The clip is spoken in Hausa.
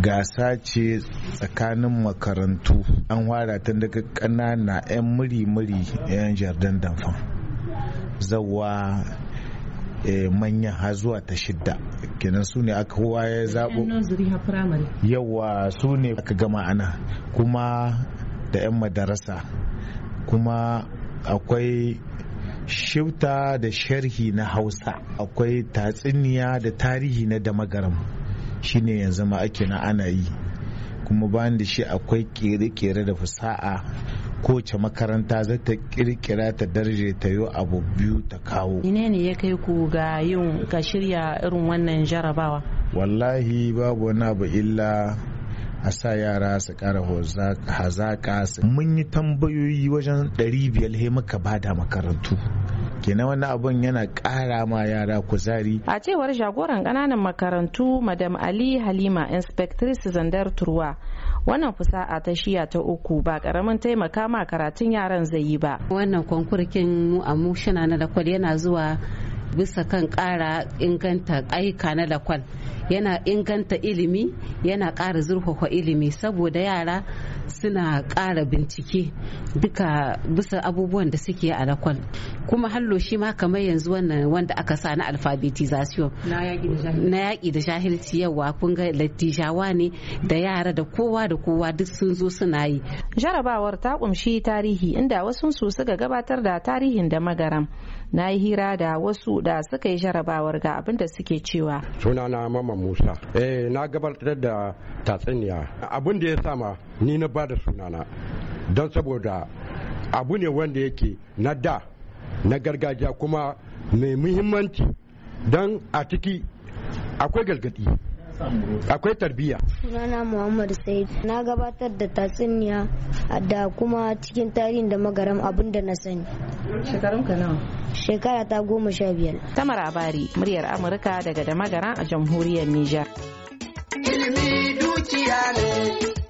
gasa ce tsakanin makarantu an wara ta daga ƙanana 'yan muri-muri 'yan jardin damfan zawa eh, manyan har zuwa ta shidda kenan su ne aka kowa ya zaɓo yawa su ne aka gama ana kuma da 'yan madarasa kuma akwai shifta da sharhi na hausa akwai tatsiniya da tarihi na damagaram shine yanzu ma ake na ana yi kuma bayan da shi akwai kere-kere da fasa'a kowace makaranta za ta kirkira ta darje ta yi abu biyu ta kawo Menene ne ya kai ku ga yin ka shirya irin wannan jarabawa wallahi babu wani abu illa a sa yara su kara su. mun yi tambayoyi wajen 500 he muka bada makarantu kenan wannan abun yana ƙara ma yara kuzari a cewar jagoran kananan makarantu madam ali halima inspectrice zandar turwa wannan fusa'a ta shiya ta uku ba karamin taimaka ma karatun yaran zai yi ba wannan kwankurkin mu a mushina na lakwal yana zuwa bisa kan kara inganta aika na lakwal yana inganta ilimi yana kara zurfafa ilimi saboda yara suna ƙara bincike duka bisa abubuwan da suke a kuma hallo shi ma kamar yanzu wannan wanda aka sa na alfabetization na yaƙi da jahilci yawa kun ga lattijawa ne da yara da kowa da kowa duk sun zo suna yi jarabawar ta kumshi tarihi inda wasu su suka gabatar da tarihin da magaram na yi hira da wasu da suka yi jarabawar ga abin da suke cewa sunana mama musa eh na gabatar da tatsuniya abin da ya sama ni na ba da sunana don saboda abu ne wanda yake na da na gargajiya kuma mai muhimmanci don a ciki akwai gargadi akwai tarbiyya sunana muhammad said na gabatar da tatsuniya da kuma cikin tarihin da magaram abinda na sani shekarun ka nawa shekara ta goma sha biyar ta abari muryar amurka daga da magaran a jamhuriyar nijar ilimi dukiya ne